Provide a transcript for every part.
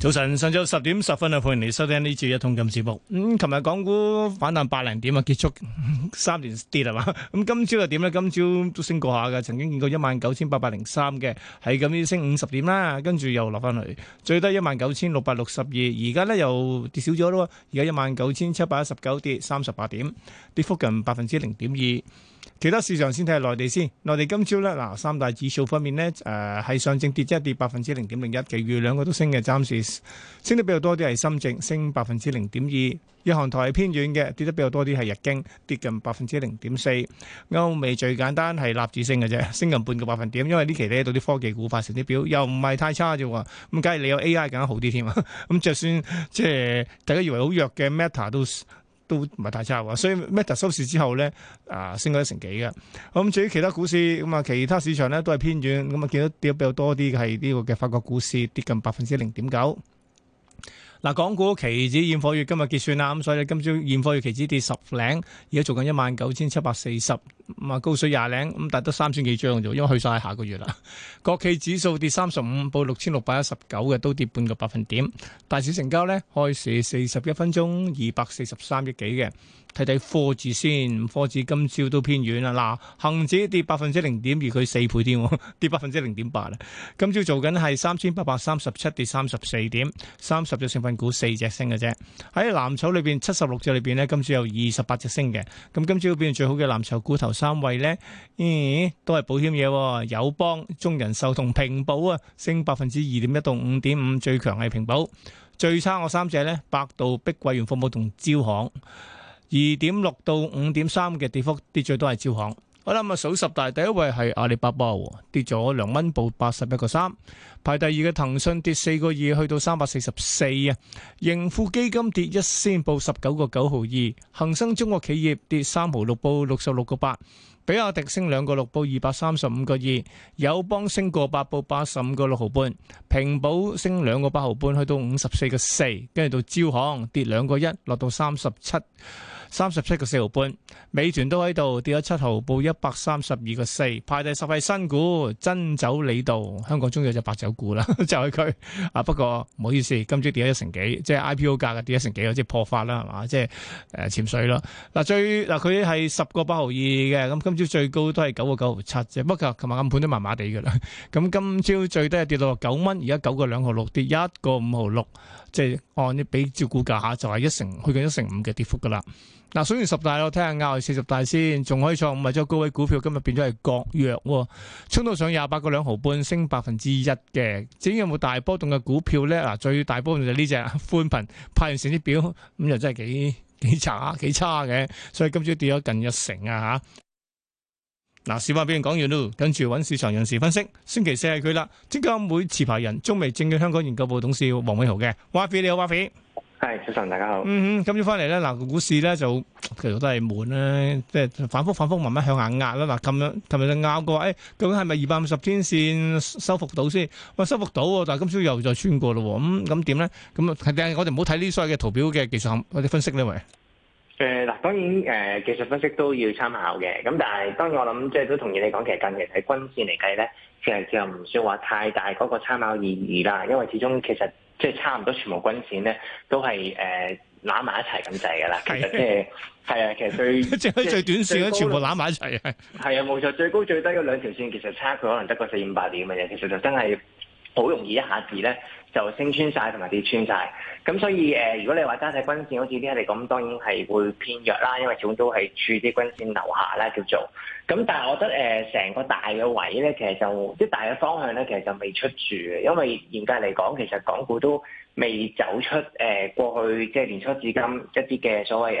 早晨，上晝十點十分啊，歡迎你收聽呢次一,一通嘅節目。咁、嗯，琴日，港股反彈百零點啊，結束呵呵三連跌係嘛。咁今朝又點呢？今朝都升過下嘅，曾經見過一萬九千八百零三嘅，係咁要升五十點啦，跟住又落翻去，最低一萬九千六百六十二，而家呢又跌少咗咯。而家一萬九千七百一十九跌三十八點，跌幅近百分之零點二。其他市場先睇下內地先。內地今朝咧，嗱三大指數方面咧，誒、呃、係上證跌一跌百分之零點零一，其餘兩個都升嘅，暫時升得比較多啲係深證，升百分之零點二。日韓台係偏軟嘅，跌得比較多啲係日經，跌近百分之零點四。歐美最簡單係立住升嘅啫，升近半個百分點，因為呢期咧到啲科技股發成啲表，又唔係太差啫喎。咁假如你有 AI 更加好啲添啊。咁 就算即係大家以為好弱嘅 Meta 都。都唔係太差喎，所以 Meta 收市之後咧，啊升咗一成幾嘅。咁至於其他股市，咁啊其他市場咧都係偏遠，咁啊見到跌比較多啲嘅係呢個嘅法國股市跌近百分之零點九。嗱，港股期指現貨月今日結算啦，咁所以今朝現貨月期指跌十頂，而家做緊一萬九千七百四十。咁啊高水廿零，咁但係得三千幾張啫，因為去曬下個月啦。 國企指數跌三十五，報六千六百一十九嘅，都跌半個百分點。大市成交呢，開市四十一分鐘二百四十三億幾嘅。睇睇科指先，科指今朝都偏軟啦。嗱，恒指跌百分之零點二，佢四倍添，跌百分之零點八啦。今朝做緊係三千八百三十七，跌三十四點，三十隻成分股四隻升嘅啫。喺藍籌裏邊，七十六隻裏邊呢，今朝有二十八隻升嘅。咁今朝變最好嘅藍籌股頭。三位呢咦、嗯，都係保險嘢，友邦、中人壽同平保啊，升百分之二點一到五點五，最強係平保，最差我三隻呢，百度、碧桂園服務同招行，二點六到五點三嘅跌幅，跌最多係招行。好啦，咁數十大，第一位係阿里巴巴，跌咗兩蚊，報八十一個三。排第二嘅騰訊跌四個二，去到三百四十四啊。盈富基金跌一仙，報十九個九毫二。恒生中國企業跌三毫六，報六十六個八。比亞迪升兩個六，報二百三十五個二。友邦升個八，報八十五個六毫半。平保升兩個八毫半，去到五十四個四。跟住到招行跌兩個一，落到三十七。三十七個四毫半，美團都喺度跌咗七毫，報一百三十二個四，排第十位新股珍酒李渡，香港終於有隻白酒股啦， 就係佢啊。不過唔好意思，今朝跌咗一成幾，即係 IPO 價嘅跌一成幾，即係破發啦，係嘛？即係誒潛水咯嗱、啊。最嗱佢係十個八毫二嘅咁，今朝最高都係九個九毫七啫。不過琴日暗盤都麻麻地嘅啦。咁今朝最低跌到九蚊，而家九個兩毫六跌一個五毫六，即係按你俾招股價就係、是、一成去緊一,一成五嘅跌幅噶啦。嗱，選完十,十大，我睇下亞匯四十大先，仲可以創五萬張高位股票，今日變咗係國藥，衝到上廿八個兩毫半，升百分之一嘅。至於有冇大波動嘅股票咧？嗱，最大波動就呢隻寬頻派完成績表，咁又真係幾幾差幾差嘅，所以今朝跌咗近一成啊吓。嗱、啊，市況表現講完啦，跟住揾市場人士分析，星期四係佢啦。證監會持牌人中美證券香港研究部董事黃偉豪嘅 w 你好 w。.係早晨，大家好。嗯嗯，今朝翻嚟咧，嗱，股市咧就其實都係悶咧，即係反覆反覆慢慢向下壓啦。嗱，咁樣琴日就拗過，誒，究竟係咪二百五十天線收復到先？話收復到，但係今朝又再穿過咯。咁咁點咧？咁啊，第我哋唔好睇呢啲所謂嘅圖表嘅技術性嗰啲分析咧，喂。誒，嗱，當然誒，技術分析都要參考嘅。咁但係，當然我諗，即係都同意你講，其實近期喺均線嚟計咧，其實就唔算話太大嗰個參考意義啦。因為始終其實。即係差唔多全部均線咧，都係誒攬埋一齊咁滯㗎啦。其實即係係啊，其實最即係最短線咧，高全部攬埋一齊，係 啊，冇錯，最高最低嗰兩條線其實差佢可能得個四五百點嘅啫。其實就真係。好容易一下子咧就升穿晒同埋跌穿晒，咁所以誒，如果你話加睇均線，好似啲人哋咁，當然係會偏弱啦，因為始終都係處啲均線樓下啦叫做。咁但係我覺得誒，成個大嘅位咧，其實就即係大嘅方向咧，其實就未出住嘅，因為嚴格嚟講，其實港股都未走出誒過去即係年初至今一啲嘅所謂誒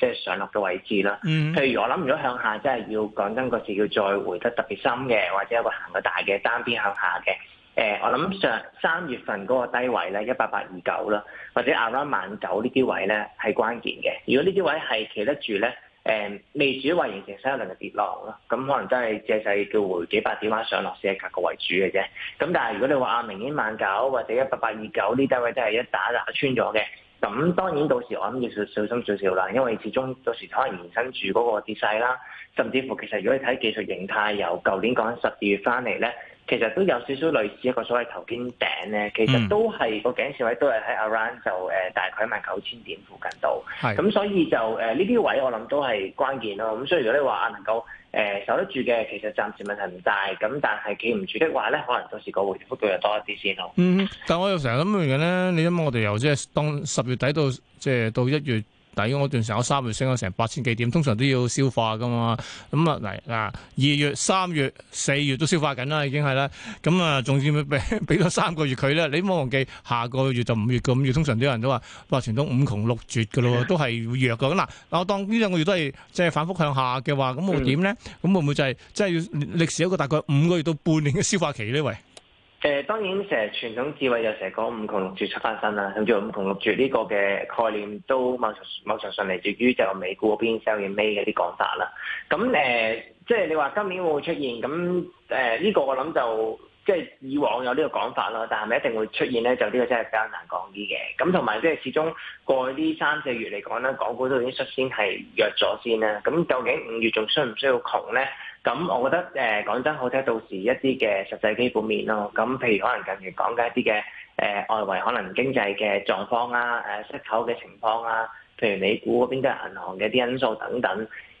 即係上落嘅位置啦。譬如我諗，如果向下真係要講真個字，要再回得特別深嘅，或者有個行個大嘅單邊向下嘅。誒、呃，我諗上三月份嗰個低位咧，一八八二九啦，或者亞明萬九呢啲位咧係關鍵嘅。如果呢啲位係企得住咧，誒、呃、未至於形成新一輪嘅跌落咯。咁可能真係借勢叫回幾百點位上落市嘅格局為主嘅啫。咁但係如果你話亞明年萬九或者一八八二九呢低位都係一打打穿咗嘅，咁當然到時我諗要少小心少少啦，因為始終到時可能延伸住嗰個跌勢啦，甚至乎其實如果你睇技術形態，由舊年講緊十二月翻嚟咧。其實都有少少類似一個所謂頭肩頂咧，其實都係個頸線位都係喺 around 就誒大概萬九千點附近度，咁是所以就誒呢啲位我諗都係關鍵咯。咁、嗯、所以如果你話能夠誒、呃、守得住嘅，其實暫時問題唔大。咁但係企唔住的話咧，可能到時個回調幅度又多一啲先咯。嗯，但係我又成日諗住嘅咧，你諗我哋由即係當十月底到即係到一月。第一嗰段成個三個月升咗成八千幾點，通常都要消化噶嘛。咁啊嚟啊，二月、三月、四月都消化緊啦，已經係啦。咁、嗯、啊，仲要俾俾多三個月佢咧。你唔好忘記，下個月就五月，咁五月，通常都有人都話話傳統五窮六絕嘅咯，都係會弱嘅。咁嗱，我當呢兩個月都係即係反覆向下嘅話，咁會點咧？咁會唔會就係即係歷時一個大概五個月到半年嘅消化期呢？喂？誒、呃、當然成日傳統智慧就成日講五窮六絕出翻身啦，咁就五窮六絕呢、呢個嘅概念都某程度上嚟自於就美股嗰邊 sell 嘅 may 嘅啲講法啦。咁、嗯、誒、呃，即係你話今年會唔會出現？咁誒呢個我諗就。即係以往有呢個講法囉，但係咪一定會出現咧？就呢個真係比較難講啲嘅。咁同埋即係始終過去呢三四月嚟講咧，港股都已經率先係弱咗先啦。咁究竟五月仲需唔需要窮咧？咁我覺得誒講、呃、真好睇，到時一啲嘅實際基本面咯。咁譬如可能近期講緊一啲嘅誒外圍可能經濟嘅狀況啊，誒、呃、出口嘅情況啊。譬如你估嗰邊間銀行嘅啲因素等等，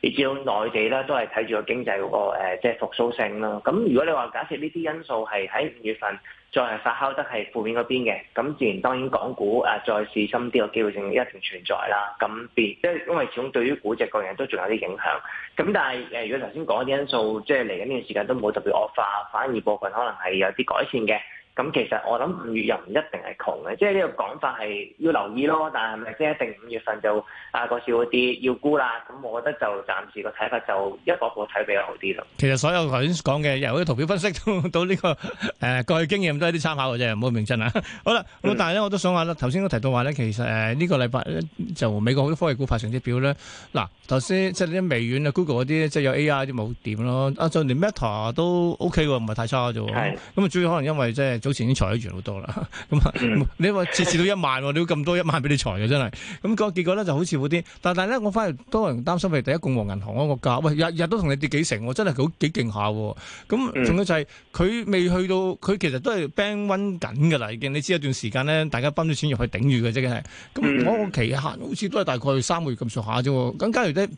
而至於內地咧都係睇住個經濟嗰個即係復甦性咯。咁如果你話假設呢啲因素係喺五月份再發酵得係負面嗰邊嘅，咁自然當然港股誒再試深啲個機會性一定存在啦。咁變即係因為始終對於估值個人都仲有啲影響。咁但係誒如果頭先講嗰啲因素即係嚟緊呢段時間都冇特別惡化，反而部分可能係有啲改善嘅。咁其實我諗五月又唔一定係窮嘅，即係呢個講法係要留意咯。但係咪即係一定五月份就下降少啲，要沽啦？咁我覺得就暫時個睇法就一個個睇比較好啲咯。其實所有頭先講嘅，由啲圖表分析到呢、這個誒、呃、過去經驗都係啲參考嘅啫。唔 好明真啊！好啦，咁但係咧我都想話啦，頭先都提到話咧，其實誒呢、呃這個禮拜咧就美國好多科技股發成績表咧。嗱，頭先即係啲微軟啊、Google 嗰啲，即係有 AI 啲冇點咯。啊，就連 Meta 都 OK 喎，唔係太差啫。咁的主要可能因為即係。早前已經裁咗完好多啦，咁、 嗯、 啊，你話折折到一萬你，你咁多一萬俾你裁嘅真係，咁個結果咧就好似嗰啲，但係咧我反而多人擔心係第一共和銀行嗰個價，喂，日日都同你跌幾成、啊，真係好幾勁下，咁仲、嗯、有就係、是、佢未去到，佢其實都係 bank run 緊嘅啦已經，你知一段時間咧，大家泵咗錢入去頂住嘅啫嘅，咁我個期限好似都係大概三個月咁上下啫喎，咁假如咧。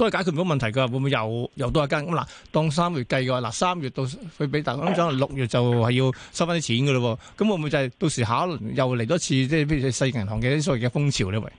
都係解決唔到問題㗎，會唔會又又多一間咁嗱、啊？當三月計嘅話嗱，三月到佢俾大，咁想六月就係要收翻啲錢㗎咯喎，咁會唔會就係到時下一輪又嚟多次，即係譬如細銀行嘅啲所謂嘅風潮咧？喂？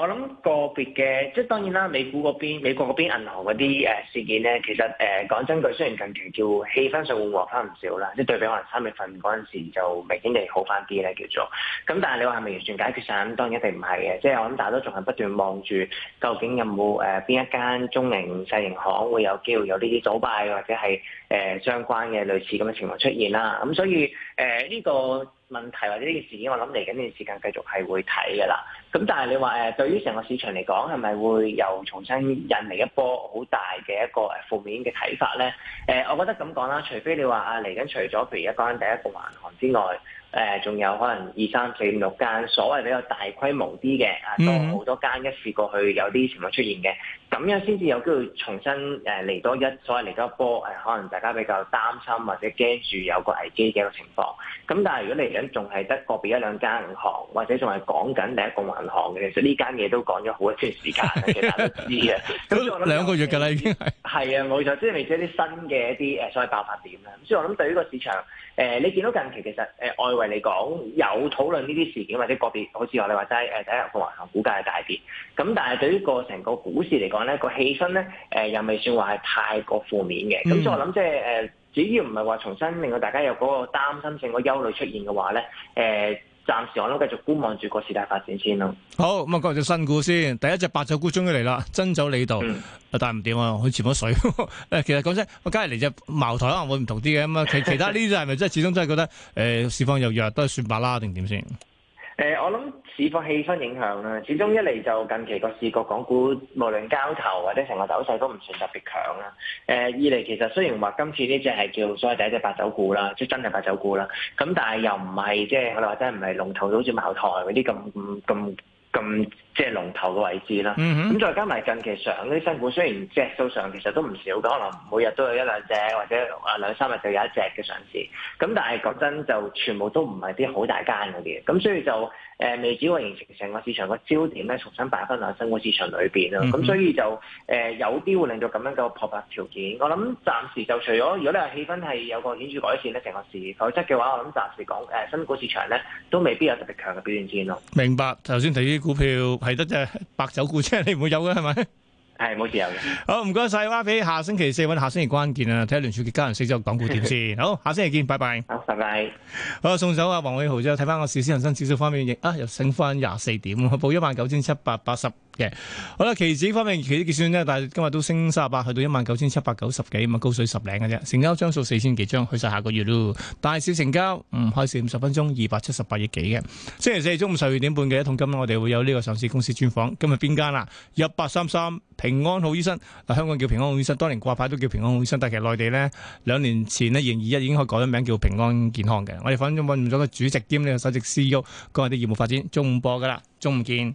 我諗個別嘅，即係當然啦，美股嗰邊、美國嗰邊銀行嗰啲誒事件咧，其實誒、呃、講真句，雖然近期叫氣氛上緩和翻唔少啦，即係對比可能三月份嗰陣時就明顯地好翻啲咧叫做。咁但係你話係咪完全解決晒，當然一定唔係嘅。即係我諗大家都仲係不斷望住，究竟有冇誒邊一間中型細型行會有機會有呢啲倒閉或者係誒、呃、相關嘅類似咁嘅情況出現啦。咁、嗯、所以誒呢、呃呢個。問題或者呢件事件，我諗嚟緊呢段時間繼續係會睇嘅啦。咁但係你話誒，對於成個市場嚟講，係咪會又重新引嚟一波好大嘅一個誒負面嘅睇法咧？誒，我覺得咁講啦，除非你話啊嚟緊，除咗譬如一家講第一個銀行之外。誒，仲有可能二三四五六間，所謂比較大規模啲嘅啊，多好多間一試過去，有啲情況出現嘅，咁樣先至有機會重新誒嚟多一所謂嚟多一波誒，可能大家比較擔心或者驚住有個危機嘅一個情況。咁但係如果嚟緊仲係得個別一兩間銀行，或者仲係講緊第一個銀行嘅，其實呢間嘢都講咗好一段時間，其實大家都知啊。咁所以我諗兩個月㗎啦，呃、已經係啊，我就即係未知啲新嘅一啲誒所謂爆發點啦。咁所以我諗對呢個市場誒、呃，你見到近期其實誒、呃、外。嚟講有討論呢啲事件或者個別，好似我哋話齋誒，第一日鳳凰行股價係大跌，咁但係對於個成個股市嚟講咧，個氣氛咧誒又未算話係太過負面嘅，咁所以我諗即係誒，只要唔係話重新令到大家有嗰個擔心性、個憂慮出現嘅話咧，誒。暫時我都繼續觀望住個事態發展先咯。好，咁啊講隻新股先，第一隻白酒股終於嚟啦，珍酒李渡，啊、嗯、但係唔掂啊，佢潛咗水。誒， 其實講真，我梗係嚟隻茅台可能會唔同啲嘅，咁啊其其他呢啲係咪真係始終真係覺得誒、呃、市況又弱，都係算白啦定點先？誒、呃，我諗市況氣氛影響啦。始終一嚟就近期個市個港股，無論交投或者成個走勢都唔算特別強啦。誒、呃，二嚟其實雖然話今次呢隻係叫所謂第一隻白酒股啦，即係真係白酒股啦。咁但係又唔係即係我哋話齋唔係龍頭，好似茅台嗰啲咁咁。咁即係龍頭嘅位置啦。咁、嗯、哼再加埋近期上啲新股，雖然隻數上其實都唔少，可能每日都有一兩隻或者兩三日就有一隻嘅上市。咁但係講真，就全部都唔係啲好大間嗰啲。咁所以就誒、呃、未至於形成成個市場個焦點咧，重新擺翻落新股市場裏邊啦。咁、嗯、哼所以就誒、呃、有啲會令到咁樣嘅破發條件。我諗暫時就除咗如果你話氣氛係有個顯著改善咧，成個市；否則嘅話，我諗暫時講誒新股市場咧都未必有特別強嘅表現先咯。明白。頭先股票係得隻白酒股啫，你唔會有嘅係咪？係冇持有嘅。好，唔該晒，阿 B，下星期四揾下星期關鍵啊，睇下聯儲嘅家人四咗港股點先。 好，下星期見，拜拜。好，拜拜。好，送走阿黃偉豪之後，睇翻個恒生指數方面，啊，又升翻廿四點，報一萬九千七百八十。嘅 Yeah. 好啦，期指方面，期指結算呢，但係今日都升三十八，去到一萬九千七百九十幾，咁啊高水十零嘅啫。成交張數四千幾張，去晒下個月咯。大小成交唔開市五十分鐘，二百七十八億幾嘅。星期四中午十二點半嘅，一桶金，我哋會有呢個上市公司專訪。今日邊間啦？一八三三平安好醫生，嗱香港叫平安好醫生，當年掛牌都叫平安好醫生，但其實內地呢，兩年前呢，二零二一已經可以改咗名叫平安健康嘅。我哋粉中咗個主席兼呢個首席 CEO，講下啲業務發展。中午播噶啦，中午見。